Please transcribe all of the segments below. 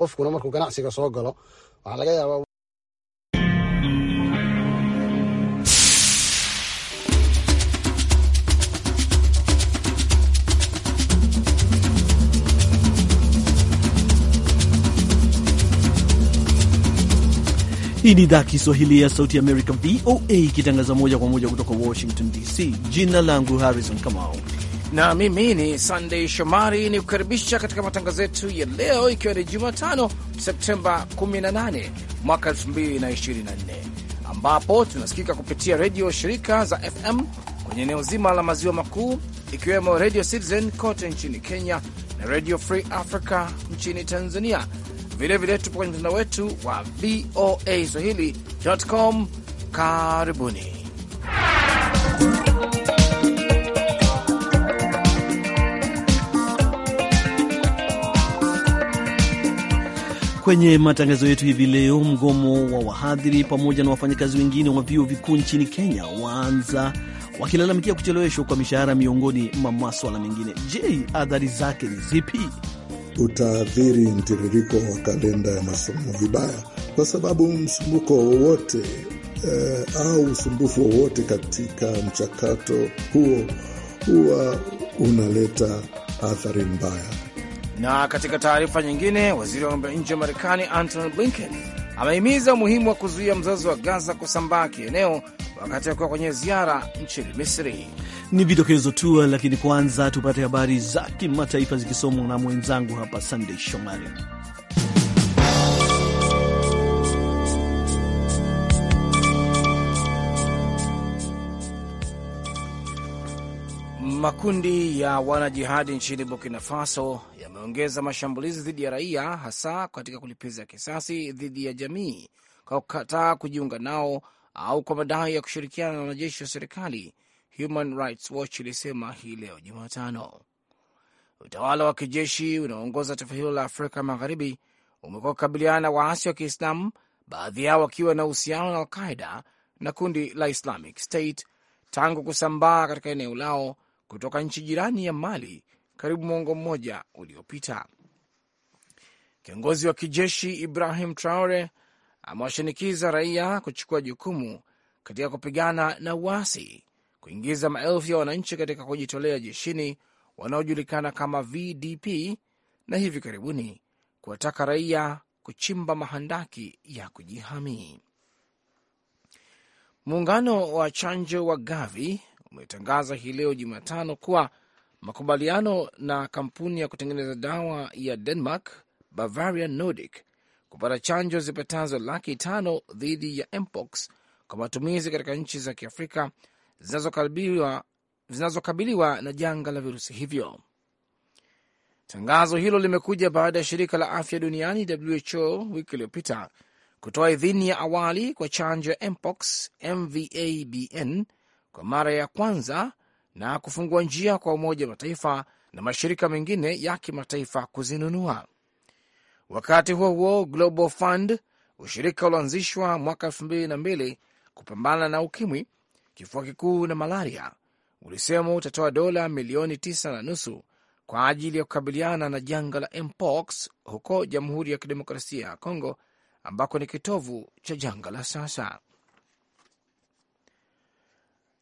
qofkuna markuu ganacsiga soo galo waxaa laga yaabaa Hii ni idhaa Kiswahili ya Sauti Amerika, VOA, ikitangaza moja kwa moja kutoka Washington DC. Jina langu Harrison Kamau na mimi ni sandey Shomari ni kukaribisha katika matangazo yetu ya leo, ikiwa ni Jumatano Septemba 18 mwaka 2024, ambapo tunasikika kupitia redio shirika za FM kwenye eneo zima la maziwa makuu ikiwemo Radio Citizen kote nchini Kenya na Radio Free Africa nchini Tanzania. Vilevile tupo kwenye mtandao wetu wa VOA swahili.com. Karibuni Kwenye matangazo yetu hivi leo, mgomo wa wahadhiri pamoja na wafanyakazi wengine wa vyuo vikuu nchini Kenya waanza wakilalamikia kucheleweshwa kwa mishahara miongoni mwa maswala mengine. Je, athari zake ni zipi? Utaathiri mtiririko wa kalenda ya masomo vibaya, kwa sababu msumbuko wowote eh, au usumbufu wowote katika mchakato huo huwa unaleta athari mbaya. Na katika taarifa nyingine, waziri wa mambo ya nje wa Marekani Antony Blinken amehimiza umuhimu wa kuzuia mzozo wa Gaza kusambaa kieneo wakati wakiwa kwenye ziara nchini Misri. Ni vidokezo tu, lakini kwanza tupate habari za kimataifa zikisomwa na mwenzangu hapa Sandey Shomari. Makundi ya wanajihadi nchini Burkina Faso yameongeza mashambulizi dhidi ya raia, hasa katika kulipiza kisasi dhidi ya jamii kwa kukataa kujiunga nao au kwa madai ya kushirikiana na wanajeshi wa serikali, Human Rights Watch ilisema hii leo Jumatano. Utawala wa kijeshi unaoongoza taifa hilo la Afrika Magharibi umekuwa kukabiliana na waasi wa Kiislamu, baadhi yao wakiwa na uhusiano na Alqaida na kundi la Islamic State tangu kusambaa katika eneo lao kutoka nchi jirani ya Mali karibu mwongo mmoja uliopita. Kiongozi wa kijeshi Ibrahim Traore amewashinikiza raia kuchukua jukumu katika kupigana na uasi, kuingiza maelfu ya wananchi katika kujitolea jeshini wanaojulikana kama VDP, na hivi karibuni kuwataka raia kuchimba mahandaki ya kujihami. Muungano wa chanjo wa Gavi umetangaza hii leo Jumatano kuwa makubaliano na kampuni ya kutengeneza dawa ya Denmark Bavaria Nordic kupata chanjo zipatazo laki tano dhidi ya mpox kwa matumizi katika nchi za Kiafrika zinazokabiliwa zinazokabiliwa na janga la virusi hivyo. Tangazo hilo limekuja baada ya shirika la afya duniani WHO wiki iliyopita kutoa idhini ya awali kwa chanjo ya mpox MVABN kwa mara ya kwanza na kufungua njia kwa Umoja wa Mataifa na mashirika mengine ya kimataifa kuzinunua. Wakati huo huo, Global Fund, ushirika ulioanzishwa mwaka mbili kupambana na ukimwi, kifua kikuu na malaria, ulisema utatoa dola milioni 9 na nusu kwa ajili ya kukabiliana na janga la mpox huko Jamhuri ya Kidemokrasia ya Kongo ambako ni kitovu cha janga la sasa.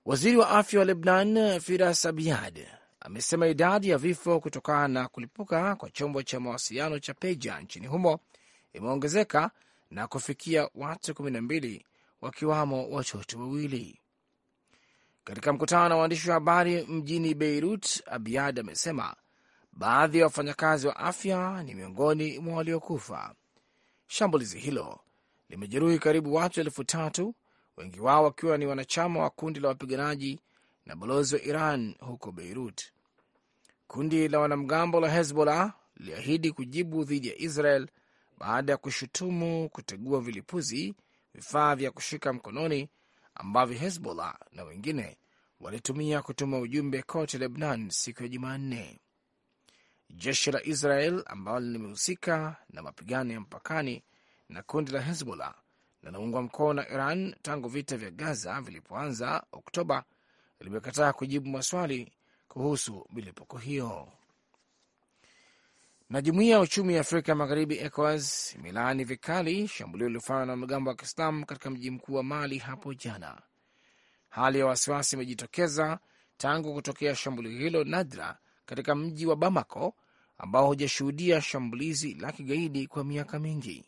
Waziri wa afya wa Lebnan Firas Abiad amesema idadi ya vifo kutokana na kulipuka kwa chombo cha mawasiliano cha Peja nchini humo imeongezeka na kufikia watu 12 wakiwamo watoto wawili. Katika mkutano na waandishi wa habari mjini Beirut, Abiad amesema baadhi ya wafanyakazi wa afya ni miongoni mwa waliokufa. Shambulizi hilo limejeruhi karibu watu elfu tatu wengi wao wakiwa ni wanachama wa kundi la wapiganaji na balozi wa Iran huko Beirut. Kundi la wanamgambo la Hezbollah liliahidi kujibu dhidi ya Israel baada ya kushutumu kutegua vilipuzi, vifaa vya kushika mkononi ambavyo Hezbollah na wengine walitumia kutuma ujumbe kote Lebnan siku ya Jumanne. Jeshi la Israel ambalo limehusika na mapigano ya mpakani na kundi la Hezbollah na naungwa mkono na Iran tangu vita vya Gaza vilipoanza Oktoba, limekataa kujibu maswali kuhusu milipuko hiyo. Na jumuiya ya uchumi ya Afrika Magharibi, ECOWAS, imelaani vikali shambulio lililofanywa na wanamgambo wa Kiislamu katika mji mkuu wa Mali hapo jana. Hali ya wasiwasi imejitokeza tangu kutokea shambulio hilo nadra katika mji wa Bamako ambao hujashuhudia shambulizi la kigaidi kwa miaka mingi.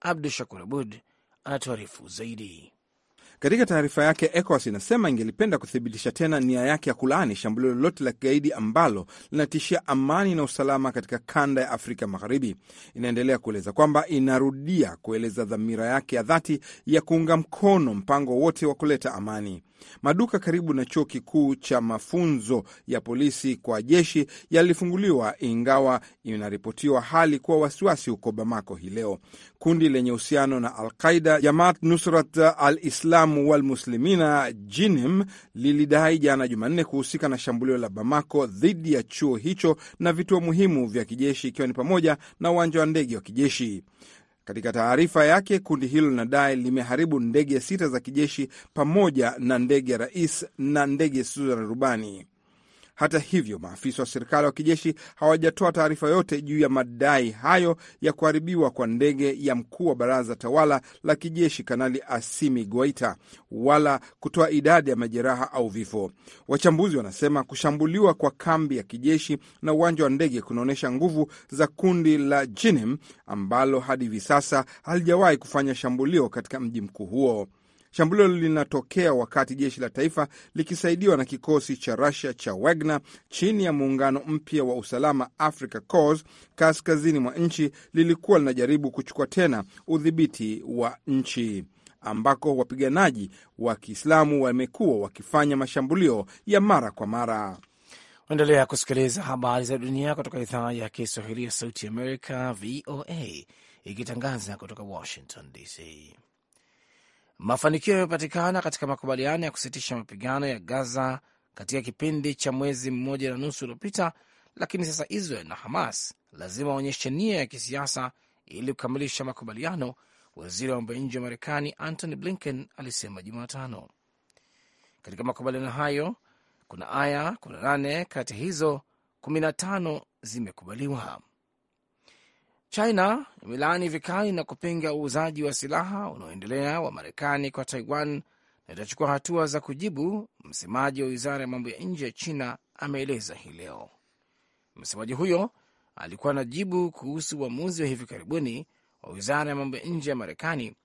Abdu Shakur Abud anatuarifu zaidi. Katika taarifa yake, ECOWAS inasema ingelipenda kuthibitisha tena nia yake ya kulaani shambulio lolote la kigaidi ambalo linatishia amani na usalama katika kanda ya Afrika Magharibi. Inaendelea kueleza kwamba inarudia kueleza dhamira yake ya dhati ya kuunga mkono mpango wote wa kuleta amani. Maduka karibu na chuo kikuu cha mafunzo ya polisi kwa jeshi yalifunguliwa, ingawa inaripotiwa hali kuwa wasiwasi huko Bamako hii leo. Kundi lenye uhusiano na Alqaida, Jamaat Nusrat al Islamu wal Muslimina, JINIM, lilidai jana Jumanne kuhusika na shambulio la Bamako dhidi ya chuo hicho na vituo muhimu vya kijeshi, ikiwa ni pamoja na uwanja wa ndege wa kijeshi. Katika taarifa yake, kundi hilo linadai limeharibu ndege sita za kijeshi pamoja na ndege ya rais na ndege zisizo na rubani. Hata hivyo, maafisa wa serikali wa kijeshi hawajatoa taarifa yote juu ya madai hayo ya kuharibiwa kwa ndege ya mkuu wa baraza tawala la kijeshi Kanali Asimi Goita wala kutoa idadi ya majeraha au vifo. Wachambuzi wanasema kushambuliwa kwa kambi ya kijeshi na uwanja wa ndege kunaonyesha nguvu za kundi la Jinim ambalo hadi hivi sasa halijawahi kufanya shambulio katika mji mkuu huo. Shambulio linatokea wakati jeshi la taifa likisaidiwa na kikosi cha rusia cha Wagner chini ya muungano mpya wa usalama Africa Corps kaskazini mwa nchi lilikuwa linajaribu kuchukua tena udhibiti wa nchi ambako wapiganaji wa Kiislamu wamekuwa wakifanya mashambulio ya mara kwa mara. Endelea kusikiliza habari za dunia kutoka idhaa ya Kiswahili ya Sauti Amerika, VOA, ikitangaza kutoka Washington DC. Mafanikio yamepatikana katika makubaliano ya kusitisha mapigano ya Gaza katika kipindi cha mwezi mmoja na nusu uliopita, lakini sasa Israel na Hamas lazima waonyeshe nia ya kisiasa ili kukamilisha makubaliano, waziri wa mambo ya nje wa Marekani Antony Blinken alisema Jumatano. Katika makubaliano hayo kuna aya 18 kati hizo 15 zimekubaliwa. China imelaani vikali na kupinga uuzaji wa silaha unaoendelea wa Marekani kwa Taiwan na itachukua hatua za kujibu, msemaji wa wizara ya mambo ya nje ya China ameeleza hii leo. Msemaji huyo alikuwa jibu kuhusu uamuzi wa hivi karibuni wa wizara ya mambo ya nje ya Marekani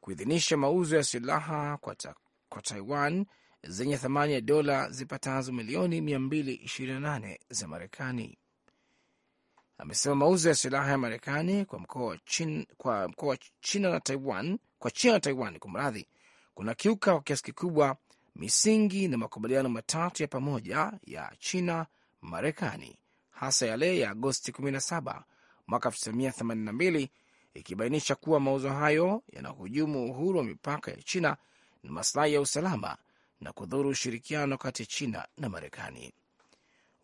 kuidhinisha mauzo ya silaha kwa, ta, kwa Taiwan zenye thamani ya dola zipatazo milioni 228 za Marekani amesema mauzo ya silaha ya Marekani kwa mkoa wa Chin, kwa mkoa wa China na Taiwan, kwa China na Taiwan kwa mradhi kuna kiuka kwa kiasi kikubwa misingi na makubaliano matatu ya pamoja ya China Marekani, hasa yale ya Agosti 17 mwaka 1982 ikibainisha kuwa mauzo hayo yanahujumu uhuru wa mipaka ya China na masilahi ya usalama na kudhuru ushirikiano kati ya China na Marekani.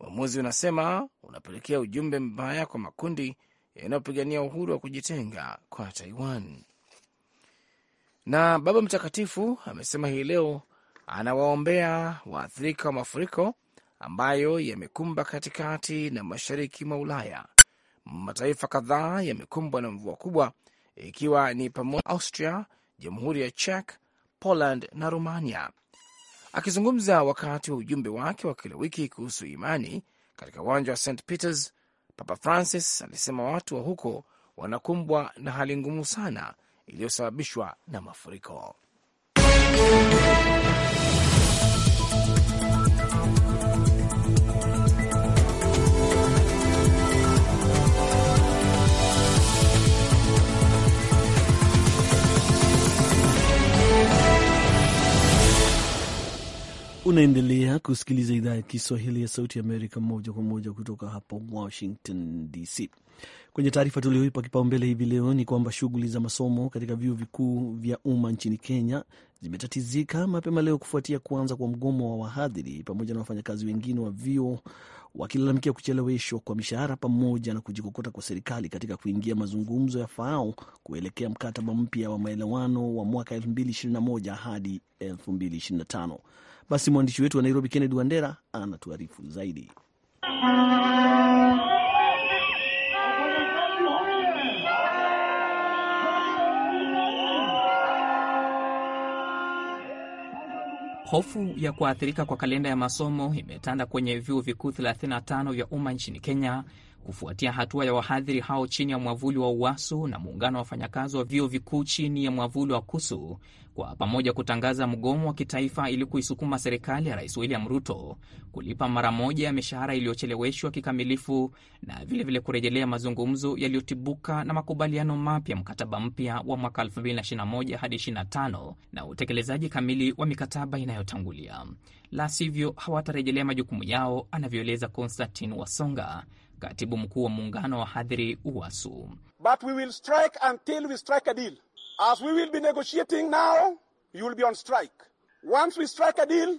Uamuzi unasema unapelekea ujumbe mbaya kwa makundi yanayopigania uhuru wa kujitenga kwa Taiwan. Na Baba Mtakatifu amesema hii leo anawaombea waathirika wa mafuriko ambayo yamekumba katikati na mashariki mwa Ulaya. Mataifa kadhaa yamekumbwa na mvua kubwa, ikiwa ni pamoja Austria, Jamhuri ya Czech, Poland na Romania Akizungumza wakati wa ujumbe wake wa kila wiki kuhusu imani katika uwanja wa St Peters, Papa Francis alisema watu wa huko wanakumbwa na hali ngumu sana iliyosababishwa na mafuriko. Unaendelea kusikiliza idhaa ya Kiswahili ya Sauti Amerika moja kwa moja kutoka hapa Washington DC. Kwenye taarifa tulioipa kipaumbele hivi leo ni kwamba shughuli za masomo katika vyuo vikuu vya umma nchini Kenya zimetatizika mapema leo kufuatia kuanza kwa mgomo wa wahadhiri pamoja na wafanyakazi wengine wa vyuo wakilalamikia kucheleweshwa kwa mishahara pamoja na kujikokota kwa serikali katika kuingia mazungumzo ya fao kuelekea mkataba mpya wa maelewano wa mwaka 2021 hadi 2025. Basi mwandishi wetu wa Nairobi, Kennedy Wandera, anatuarifu zaidi. Hofu ya kuathirika kwa kalenda ya masomo imetanda kwenye vyuo vikuu 35 vya umma nchini Kenya kufuatia hatua ya wahadhiri hao chini ya mwavuli wa UWASU na muungano wa wafanyakazi wa vyuo vikuu chini ya mwavuli wa KUSU kwa pamoja kutangaza mgomo wa kitaifa ili kuisukuma serikali ya Rais William Ruto kulipa mara moja ya mishahara iliyocheleweshwa kikamilifu na vilevile vile kurejelea mazungumzo yaliyotibuka na makubaliano mapya, mkataba mpya wa mwaka 2021 hadi 25 na utekelezaji kamili wa mikataba inayotangulia, la sivyo hawatarejelea majukumu yao, anavyoeleza Konstantin Wasonga, katibu mkuu wa muungano wa hadhiri UWASU. But we will strike until we strike a deal. As we will be negotiating now, you will be on strike. Once we strike a deal,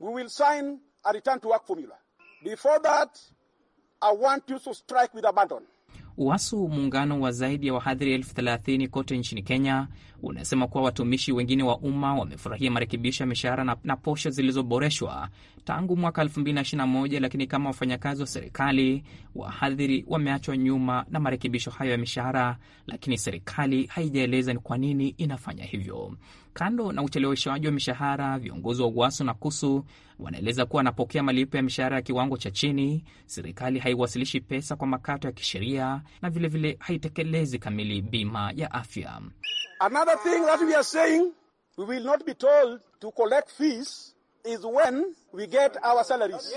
we will sign a return to work formula. Before that, I want you to strike with abandon. UWASU, muungano wa zaidi ya wahadhiri elfu thelathini kote nchini Kenya, unasema kuwa watumishi wengine wa umma wamefurahia marekebisho ya mishahara na, na posho zilizoboreshwa tangu mwaka 2021 lakini kama wafanyakazi wa serikali wahadhiri wameachwa nyuma na marekebisho hayo ya mishahara, lakini serikali haijaeleza ni kwa nini inafanya hivyo. Kando na ucheleweshaji wa mishahara, viongozi wa UWASU na KUSU wanaeleza kuwa wanapokea malipo ya mishahara ya kiwango cha chini. Serikali haiwasilishi pesa kwa makato ya kisheria na vilevile vile haitekelezi kamili bima ya afya. Another Another thing that we are saying, we will not be told to collect fees is when we get our salaries.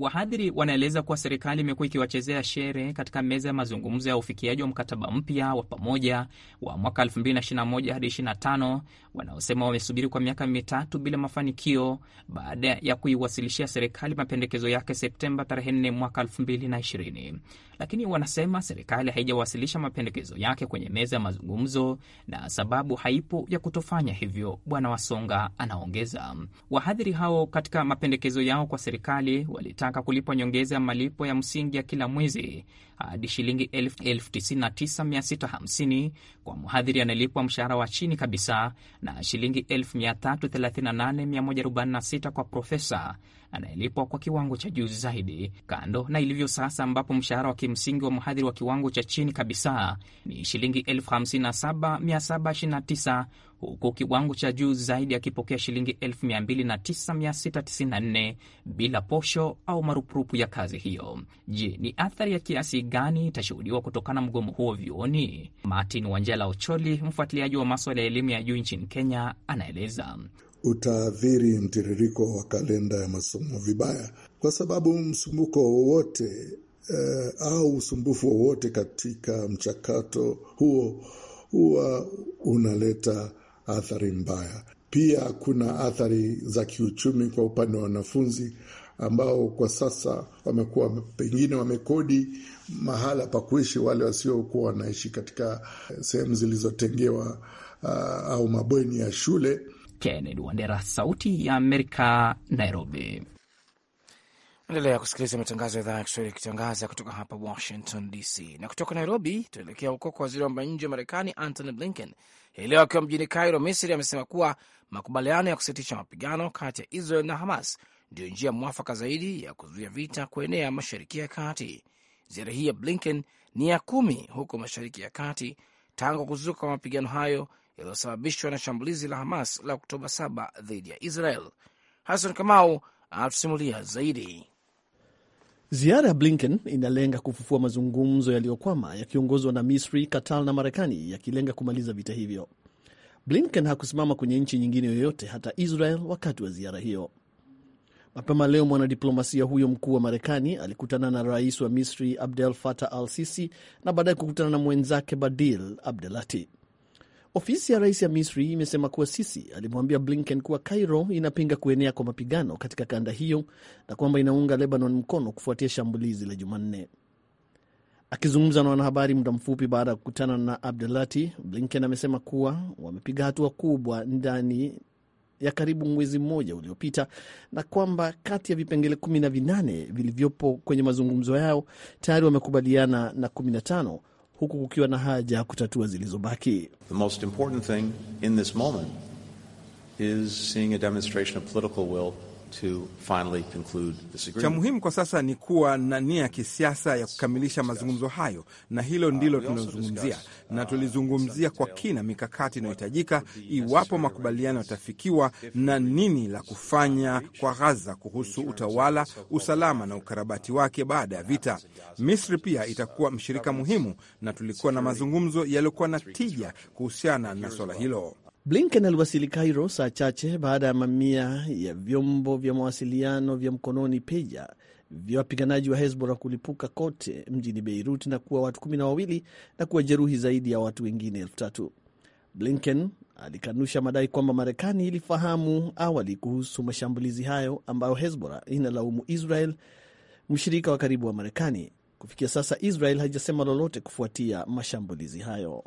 Wahadhiri wanaeleza kuwa serikali imekuwa ikiwachezea shere katika meza ya mazungumzo ya ufikiaji wa mkataba mpya wa pamoja wa mwaka 2021 hadi 25 wanaosema wamesubiri kwa miaka mitatu bila mafanikio baada ya kuiwasilishia serikali mapendekezo yake Septemba tarehe 4 mwaka 2020, lakini wanasema serikali haijawasilisha mapendekezo yake kwenye meza ya mazungumzo na sababu haipo ya kutofanya hivyo. Bwana Wasonga anaongeza, wahadhiri hao katika mapendekezo yao kwa serikali walitaka wanataka kulipwa nyongeza ya malipo ya msingi ya kila mwezi hadi shilingi 99650 kwa mhadhiri anayelipwa mshahara wa chini kabisa na shilingi 338146 kwa profesa anayelipwa kwa kiwango cha juu zaidi, kando na ilivyo sasa, ambapo mshahara wa kimsingi wa mhadhiri wa kiwango cha chini kabisa ni shilingi 57729 huku kiwango cha juu zaidi akipokea shilingi 209,694 bila posho au marupurupu ya kazi hiyo. Je, ni athari ya kiasi gani itashuhudiwa kutokana mgomo huo vyuoni? Martin Wanjala Ocholi, mfuatiliaji wa maswala ya elimu ya juu nchini Kenya, anaeleza. Utaathiri mtiririko wa kalenda ya masomo vibaya, kwa sababu msumbuko wowote eh, au usumbufu wowote katika mchakato huo huwa unaleta athari mbaya. Pia kuna athari za kiuchumi kwa upande wa wanafunzi ambao kwa sasa wamekuwa pengine wamekodi mahala pa kuishi wale wasiokuwa wanaishi katika eh, sehemu zilizotengewa uh, au mabweni ya shule. Kennedy Wandera, Sauti ya Amerika, Nairobi. Endelea kusikiliza matangazo ya idhaa ya Kiswahili yakitangaza kutoka hapa Washington DC. Na kutoka Nairobi tuelekea huko kwa waziri wa mambo ya nje wa Marekani Antony Blinken hii leo akiwa mjini Cairo, Misri, amesema kuwa makubaliano ya kusitisha mapigano kati ya Israel na Hamas ndiyo njia mwafaka zaidi ya kuzuia vita kuenea Mashariki ya Kati. Ziara hii ya Blinken ni ya kumi huko Mashariki ya Kati tangu kuzuka kwa mapigano hayo yaliyosababishwa na shambulizi la Hamas la Oktoba 7 dhidi ya Israel. Hassan Kamau anatusimulia zaidi. Ziara ya Blinken inalenga kufufua mazungumzo yaliyokwama yakiongozwa na Misri, Qatar na Marekani yakilenga kumaliza vita hivyo. Blinken hakusimama kwenye nchi nyingine yoyote, hata Israel, wakati wa ziara hiyo. Mapema leo mwanadiplomasia huyo mkuu wa Marekani alikutana na rais wa Misri Abdel Fattah al Sisi na baadaye kukutana na mwenzake Badil Abdelati. Ofisi ya rais ya Misri imesema kuwa Sisi alimwambia Blinken kuwa Cairo inapinga kuenea kwa mapigano katika kanda hiyo na kwamba inaunga Lebanon mkono kufuatia shambulizi la Jumanne. Akizungumza na wanahabari muda mfupi baada ya kukutana na Abdulati, Blinken amesema kuwa wamepiga hatua kubwa ndani ya karibu mwezi mmoja uliopita na kwamba kati ya vipengele kumi na vinane vilivyopo kwenye mazungumzo yao tayari wamekubaliana na kumi na tano huku kukiwa na haja ya kutatua zilizobaki. The most important thing in this moment is seeing a demonstration of political will cha muhimu kwa sasa ni kuwa na nia ya kisiasa ya kukamilisha mazungumzo hayo, na hilo ah, ndilo tunalozungumzia, na uh, tulizungumzia kwa kina mikakati inayohitajika iwapo makubaliano yatafikiwa na nini la kufanya kwa ghaza kuhusu utawala, usalama na ukarabati wake baada ya vita. Misri pia itakuwa uh, mshirika muhimu, na tulikuwa na mazungumzo yaliyokuwa na tija kuhusiana na swala hilo. Blinken aliwasili Cairo saa chache baada ya mamia ya vyombo vya mawasiliano vya mkononi peja vya wapiganaji wa Hezbollah kulipuka kote mjini Beirut na kuwa watu kumi na wawili na kuwa jeruhi zaidi ya watu wengine elfu tatu. Blinken alikanusha madai kwamba Marekani ilifahamu awali kuhusu mashambulizi hayo ambayo Hezbollah inalaumu Israel, mshirika wa karibu wa Marekani. Kufikia sasa Israel haijasema lolote kufuatia mashambulizi hayo.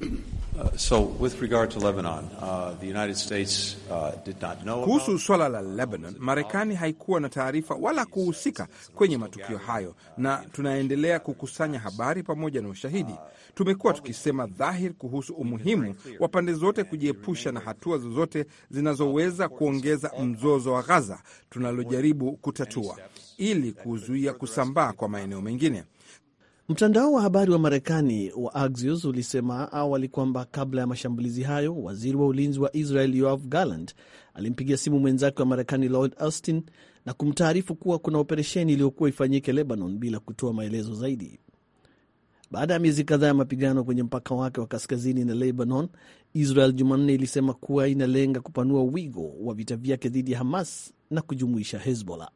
Uh, so with regard to Lebanon, uh, the United States, uh, did not know Kuhusu swala la Lebanon, Marekani haikuwa na taarifa wala kuhusika kwenye matukio hayo, na tunaendelea kukusanya habari pamoja na ushahidi. Tumekuwa tukisema dhahir kuhusu umuhimu wa pande zote kujiepusha na hatua zozote zinazoweza kuongeza mzozo wa Gaza tunalojaribu kutatua ili kuzuia kusambaa kwa maeneo mengine. Mtandao wa habari wa Marekani wa Axios ulisema awali kwamba kabla ya mashambulizi hayo, waziri wa ulinzi wa Israel Yoav Gallant alimpigia simu mwenzake wa Marekani Lloyd Austin na kumtaarifu kuwa kuna operesheni iliyokuwa ifanyike Lebanon bila kutoa maelezo zaidi. Baada ya miezi kadhaa ya mapigano kwenye mpaka wake wa kaskazini na Lebanon, Israel Jumanne ilisema kuwa inalenga kupanua wigo wa vita vyake dhidi ya Hamas na kujumuisha Hezbollah.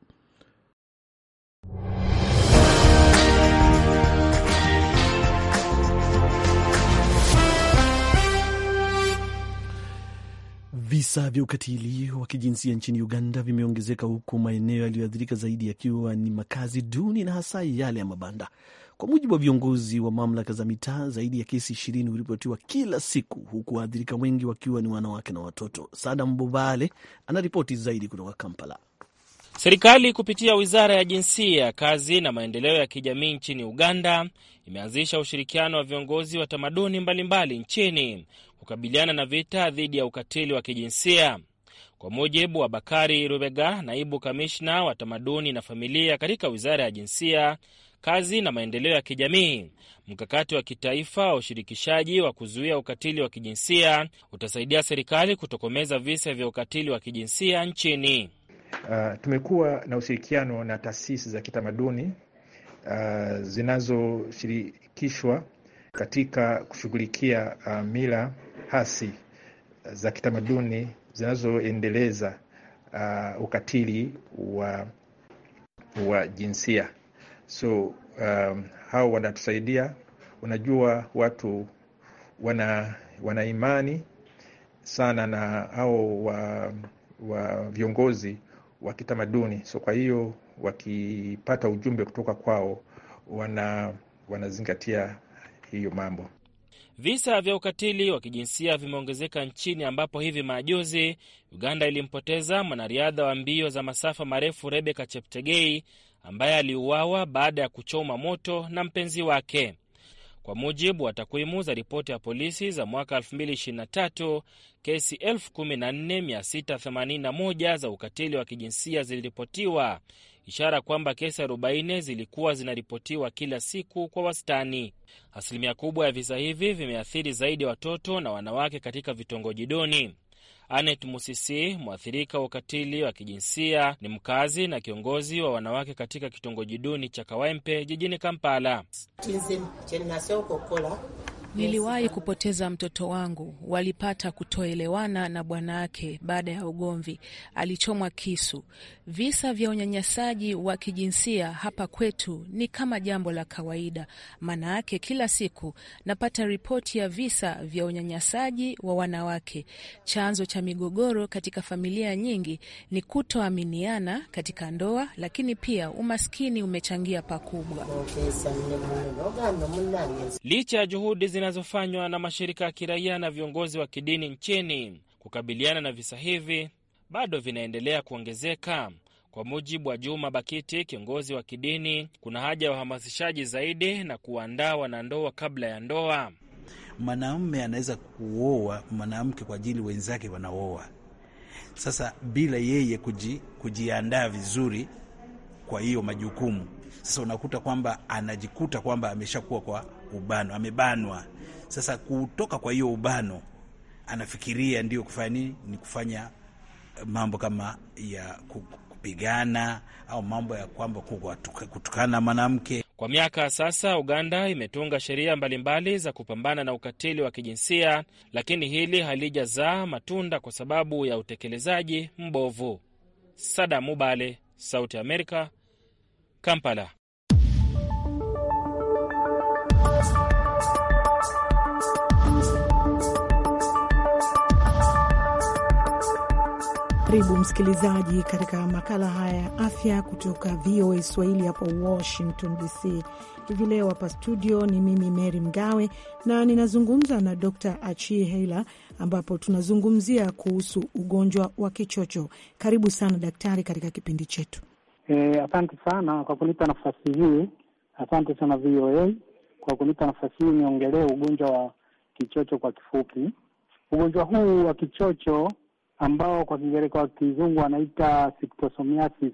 Visa vya ukatili wa kijinsia nchini Uganda vimeongezeka huku maeneo yaliyoathirika zaidi yakiwa ni makazi duni na hasa yale ya mabanda. Kwa mujibu wa viongozi wa mamlaka za mitaa, zaidi ya kesi ishirini huripotiwa kila siku, huku waathirika wengi wakiwa ni wanawake na watoto. Sada Mbobale anaripoti zaidi kutoka Kampala. Serikali kupitia wizara ya jinsia, kazi na maendeleo ya kijamii nchini Uganda imeanzisha ushirikiano wa viongozi wa tamaduni mbalimbali nchini kukabiliana na vita dhidi ya ukatili wa kijinsia. Kwa mujibu wa Bakari Rubega, naibu kamishna wa tamaduni na familia katika wizara ya jinsia, kazi na maendeleo ya kijamii, mkakati wa kitaifa wa ushirikishaji wa kuzuia ukatili wa kijinsia utasaidia serikali kutokomeza visa vya ukatili wa kijinsia nchini. Uh, tumekuwa na ushirikiano na taasisi za kitamaduni uh, zinazoshirikishwa katika kushughulikia uh, mila hasi uh, za kitamaduni zinazoendeleza uh, ukatili wa, wa jinsia. So um, hao wanatusaidia. Unajua, watu wana, wana imani sana na hao wa, wa viongozi wa kitamaduni. So kwa hiyo wakipata ujumbe kutoka kwao wana, wanazingatia hiyo mambo. Visa vya ukatili wa kijinsia vimeongezeka nchini ambapo hivi majuzi Uganda ilimpoteza mwanariadha wa mbio za masafa marefu Rebeka Cheptegei ambaye aliuawa baada ya kuchoma moto na mpenzi wake. Kwa mujibu wa takwimu za ripoti ya polisi za mwaka 2023, kesi 14681 za ukatili wa kijinsia ziliripotiwa, ishara kwamba kesi 40 zilikuwa zinaripotiwa kila siku kwa wastani. Asilimia kubwa ya visa hivi vimeathiri zaidi watoto na wanawake katika vitongoji duni. Anet Musisi, mwathirika wa ukatili wa kijinsia, ni mkazi na kiongozi wa wanawake katika kitongoji duni cha Kawempe jijini Kampala. Niliwahi kupoteza mtoto wangu. Walipata kutoelewana na bwana baada ya ugomvi, alichomwa kisu. Visa vya unyanyasaji wa kijinsia hapa kwetu ni kama jambo la kawaida, maana yake kila siku napata ripoti ya visa vya unyanyasaji wa wanawake. Chanzo cha migogoro katika familia nyingi ni kutoaminiana katika ndoa, lakini pia umaskini umechangia pakubwa. Licha ya juhudi zinazofanywa na mashirika ya kiraia na viongozi wa kidini nchini kukabiliana na visa hivi bado vinaendelea kuongezeka. Kwa mujibu wa Juma Bakiti, kiongozi wa kidini, kuna haja ya uhamasishaji zaidi na kuandaa wanandoa kabla ya ndoa. Mwanaume anaweza kuoa mwanamke kwa ajili wenzake wanaoa sasa, bila yeye kuji, kujiandaa vizuri kwa hiyo majukumu. Sasa unakuta kwamba anajikuta kwamba ameshakuwa kwa ubano amebanwa. Sasa kutoka kwa hiyo ubano, anafikiria ndio kufanya nini? Ni kufanya eh, mambo kama ya kupigana au mambo ya kwamba kutukana mwanamke. Kwa miaka sasa, Uganda imetunga sheria mbalimbali za kupambana na ukatili wa kijinsia, lakini hili halijazaa matunda kwa sababu ya utekelezaji mbovu. Sada Mubale, Sauti Amerika, Kampala. Karibu msikilizaji katika makala haya ya afya kutoka VOA Swahili hapo Washington DC. Hivi leo hapa studio ni mimi Mary Mgawe na ninazungumza na Dr Achi Heila, ambapo tunazungumzia kuhusu ugonjwa wa kichocho. Karibu sana daktari katika kipindi chetu. E, asante sana kwa kunipa nafasi hii. Asante sana VOA kwa kunipa nafasi hii niongelee ugonjwa wa kichocho kwa kifupi. Ugonjwa huu wa kichocho ambao kwa Kiingereza kwa Kizungu wanaita schistosomiasis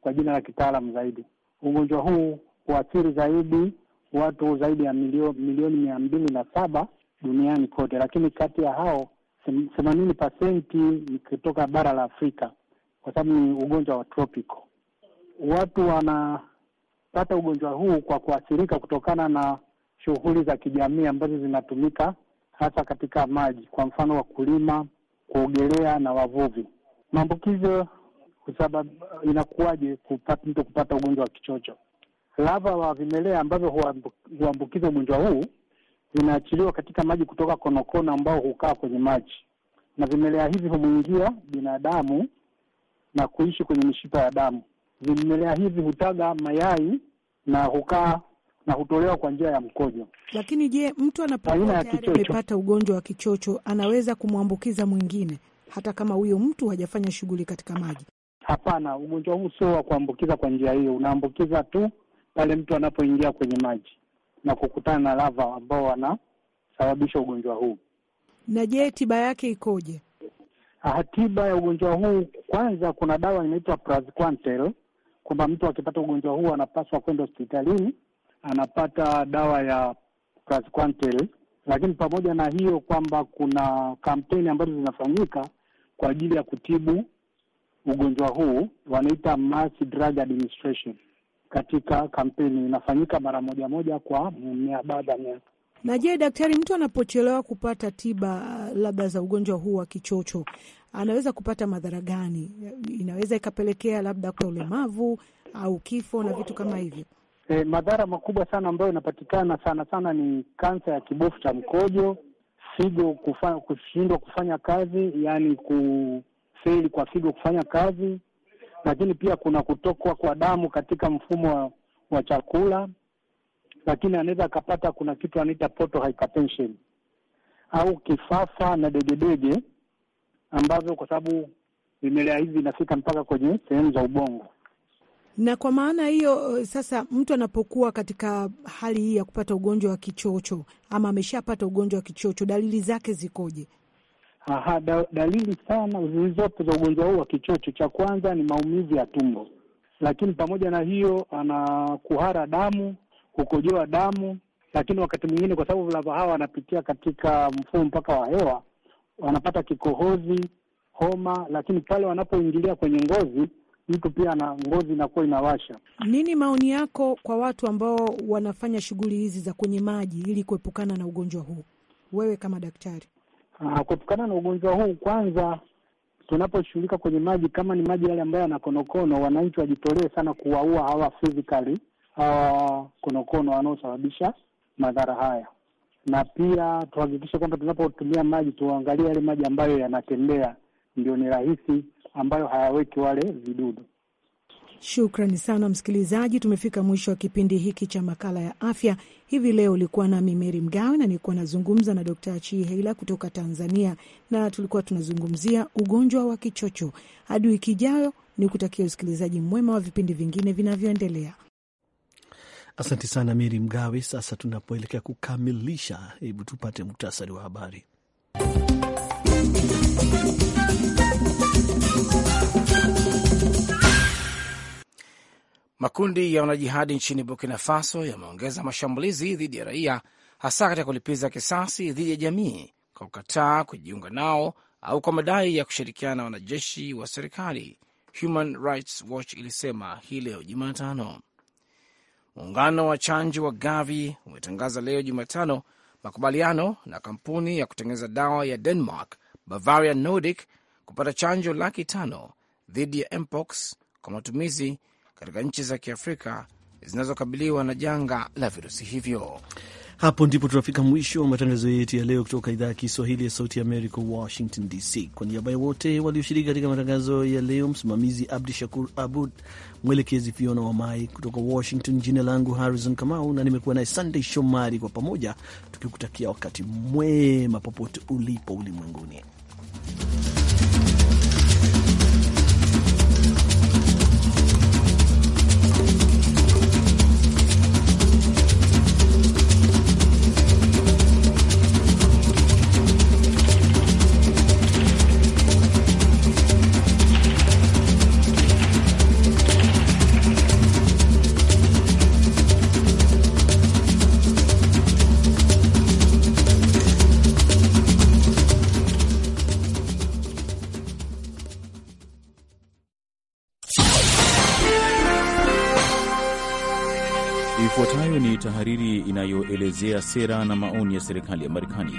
kwa jina la kitaalamu zaidi. Ugonjwa huu huathiri zaidi watu zaidi ya milio, milioni mia mbili na saba duniani kote, lakini kati ya hao themanini pasenti ni kutoka bara la Afrika kwa sababu ni ugonjwa wa tropical. Watu wanapata ugonjwa huu kwa kuathirika kutokana na shughuli za kijamii ambazo zinatumika hasa katika maji, kwa mfano wakulima kuogelea na wavuvi. Maambukizo husabab, inakuwaje kupata mtu kupata ugonjwa wa kichocho? Lava wa vimelea ambavyo huambukiza ugonjwa huu vinaachiliwa katika maji kutoka konokono ambao hukaa kwenye maji, na vimelea hivi humwingia binadamu na kuishi kwenye mishipa ya damu. Vimelea hivi hutaga mayai na hukaa na hutolewa kwa njia ya mkojo. Lakini je, mtu anapokuwa amepata ugonjwa wa kichocho anaweza kumwambukiza mwingine hata kama huyo mtu hajafanya shughuli katika maji? Hapana, ugonjwa huu sio wa kuambukiza kwa njia hiyo. Unaambukiza tu pale mtu anapoingia kwenye maji na kukutana na lava ambao wanasababisha ugonjwa huu. Na je, tiba yake ikoje? Ah, tiba ya ugonjwa huu, kwanza kuna dawa inaitwa Praziquantel, kwamba mtu akipata ugonjwa huu anapaswa kwenda hospitalini anapata dawa ya Praziquantel, lakini pamoja na hiyo kwamba kuna kampeni ambazo zinafanyika kwa ajili ya kutibu ugonjwa huu, wanaita Mass Drug Administration. Katika kampeni inafanyika mara moja moja kwa mia baada ya miaka. Na je, daktari, mtu anapochelewa kupata tiba labda za ugonjwa huu wa kichocho anaweza kupata madhara gani? Inaweza ikapelekea labda kwa ulemavu au kifo na vitu kama hivyo. E, madhara makubwa sana ambayo inapatikana sana sana ni kansa ya kibofu cha mkojo, figo kushindwa kufanya kazi, yaani kufeli kwa figo kufanya kazi, lakini pia kuna kutokwa kwa damu katika mfumo wa, wa chakula, lakini anaweza akapata kuna kitu anaita portal hypertension au kifafa na degedege ambavyo kwa sababu vimelea hivi vinafika mpaka kwenye sehemu za ubongo. Na kwa maana hiyo eh, sasa, mtu anapokuwa katika hali hii ya kupata ugonjwa wa kichocho ama ameshapata ugonjwa wa kichocho, dalili zake zikoje? Aha, da, dalili sana zilizopo za ugonjwa huu wa kichocho, cha kwanza ni maumivu ya tumbo, lakini pamoja na hiyo ana kuhara damu, kukojoa damu, lakini wakati mwingine kwa sababu lava hawa wanapitia katika mfumo mpaka wa hewa, wanapata kikohozi, homa, lakini pale wanapoingilia kwenye ngozi mtu pia na ngozi inakuwa inawasha. Nini maoni yako kwa watu ambao wanafanya shughuli hizi za kwenye maji ili kuepukana na ugonjwa huu, wewe kama daktari? Ah, kuepukana na ugonjwa huu, kwanza tunaposhughulika kwenye maji, kama ni maji yale ambayo yana konokono, wananchi wajitolee sana kuwaua hawa fizikali hawa konokono wanaosababisha madhara haya, na pia tuhakikishe kwamba tunapotumia maji tuangalie yale maji ambayo yanatembea, ndio ni rahisi ambayo hayaweki wale vidudu. Shukrani sana msikilizaji, tumefika mwisho wa kipindi hiki cha makala ya afya hivi leo. Ulikuwa nami Meri Mgawe na nilikuwa nazungumza na Dkt Chiheila kutoka Tanzania, na tulikuwa tunazungumzia ugonjwa wa kichocho. Hadi wiki ijayo, ni kutakia usikilizaji mwema wa vipindi vingine vinavyoendelea. Asante sana Meri Mgawe. Sasa tunapoelekea kukamilisha, hebu tupate muktasari wa habari. Makundi ya wanajihadi nchini Burkina Faso yameongeza mashambulizi dhidi ya raia, hasa katika kulipiza kisasi dhidi ya jamii kwa kukataa kujiunga nao au kwa madai ya kushirikiana na wanajeshi wa serikali, Human Rights Watch ilisema hii leo Jumatano. Muungano wa chanjo wa Gavi umetangaza leo Jumatano makubaliano na kampuni ya kutengeneza dawa ya Denmark Bavaria Nordic kupata chanjo laki tano dhidi ya mpox kwa matumizi katika nchi za Kiafrika zinazokabiliwa na janga la virusi hivyo. Hapo ndipo tunafika mwisho wa matangazo yetu ya leo kutoka idhaa ya Kiswahili ya Sauti Amerika, Washington DC. Kwa niaba ya wote walioshiriki katika matangazo ya leo, msimamizi Abdi Shakur Abud, mwelekezi Fiona wa Mai kutoka Washington. Jina langu Harrison Kamau na nimekuwa naye sandey Shomari, kwa pamoja tukikutakia wakati mwema popote ulipo ulimwenguni. tahariri inayoelezea sera na maoni ya serikali ya Marekani.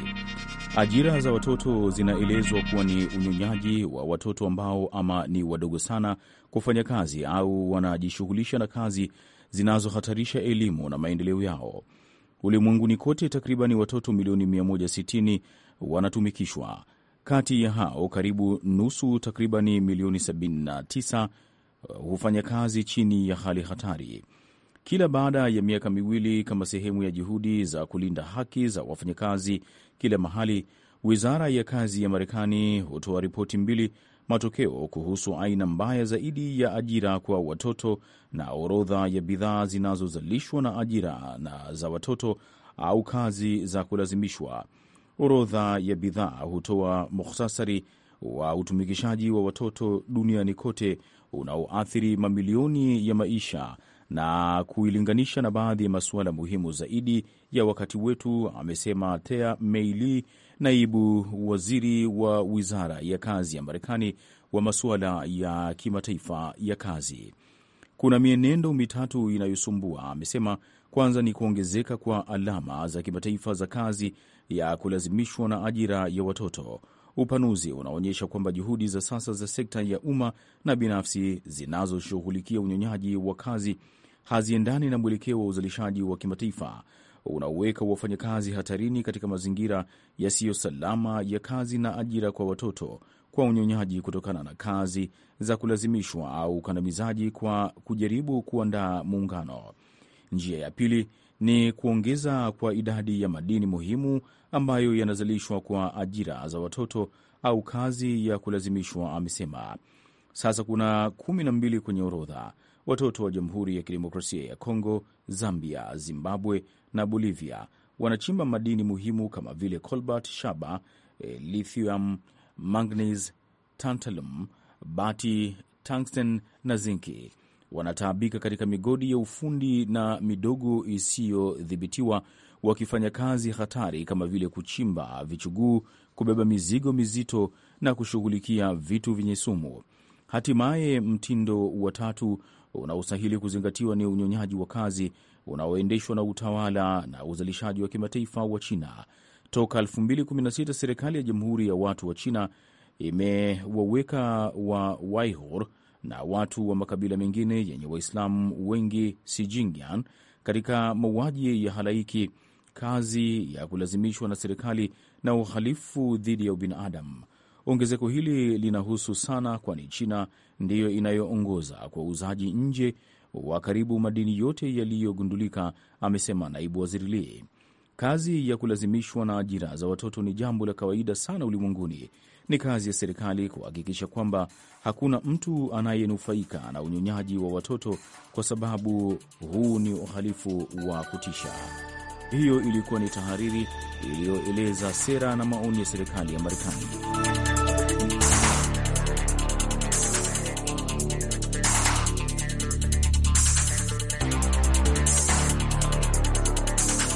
Ajira za watoto zinaelezwa kuwa ni unyonyaji wa watoto ambao ama ni wadogo sana kufanya kazi au wanajishughulisha na kazi zinazohatarisha elimu na maendeleo yao. Ulimwenguni kote takribani watoto milioni 160 wanatumikishwa. Kati ya hao karibu nusu, takribani milioni 79, uh, hufanya kazi chini ya hali hatari kila baada ya miaka miwili kama sehemu ya juhudi za kulinda haki za wafanyakazi kila mahali. Wizara ya kazi ya Marekani hutoa ripoti mbili, matokeo kuhusu aina mbaya zaidi ya ajira kwa watoto na orodha ya bidhaa zinazozalishwa na ajira na za watoto au kazi za kulazimishwa. Orodha ya bidhaa hutoa muhtasari wa utumikishaji wa watoto duniani kote unaoathiri mamilioni ya maisha na kuilinganisha na baadhi ya masuala muhimu zaidi ya wakati wetu, amesema Tea Meili, naibu waziri wa wizara ya kazi ya Marekani wa masuala ya kimataifa ya kazi. Kuna mienendo mitatu inayosumbua, amesema. Kwanza ni kuongezeka kwa alama za kimataifa za kazi ya kulazimishwa na ajira ya watoto Upanuzi unaonyesha kwamba juhudi za sasa za sekta ya umma na binafsi zinazoshughulikia unyonyaji wa kazi haziendani na mwelekeo wa uzalishaji wa kimataifa unaoweka wafanyakazi hatarini katika mazingira yasiyo salama ya kazi na ajira kwa watoto kwa unyonyaji kutokana na kazi za kulazimishwa au ukandamizaji kwa kujaribu kuandaa muungano Njia ya pili ni kuongeza kwa idadi ya madini muhimu ambayo yanazalishwa kwa ajira za watoto au kazi ya kulazimishwa, amesema. Sasa kuna kumi na mbili kwenye orodha: watoto wa Jamhuri ya Kidemokrasia ya Kongo, Zambia, Zimbabwe na Bolivia wanachimba madini muhimu kama vile cobalt, shaba, eh, lithium, manganese, tantalum, bati, tungsten na zinki wanataabika katika migodi ya ufundi na midogo isiyodhibitiwa wakifanya kazi hatari kama vile kuchimba vichuguu, kubeba mizigo mizito na kushughulikia vitu vyenye sumu. Hatimaye, mtindo wa tatu unaostahili kuzingatiwa ni unyonyaji wa kazi unaoendeshwa na utawala na uzalishaji wa kimataifa wa China. Toka 2016 serikali ya Jamhuri ya Watu wa China imewaweka wa wa na watu wa makabila mengine yenye Waislamu wengi Sijingian katika mauaji ya halaiki, kazi ya kulazimishwa na serikali na uhalifu dhidi ya ubinadamu. Ongezeko hili linahusu sana, kwani China ndiyo inayoongoza kwa uuzaji nje wa karibu madini yote yaliyogundulika, amesema naibu waziri lii Kazi ya kulazimishwa na ajira za watoto ni jambo la kawaida sana ulimwenguni, ni kazi ya serikali kuhakikisha kwamba hakuna mtu anayenufaika na unyonyaji wa watoto, kwa sababu huu ni uhalifu wa kutisha. Hiyo ilikuwa ni tahariri iliyoeleza sera na maoni ya serikali ya Marekani.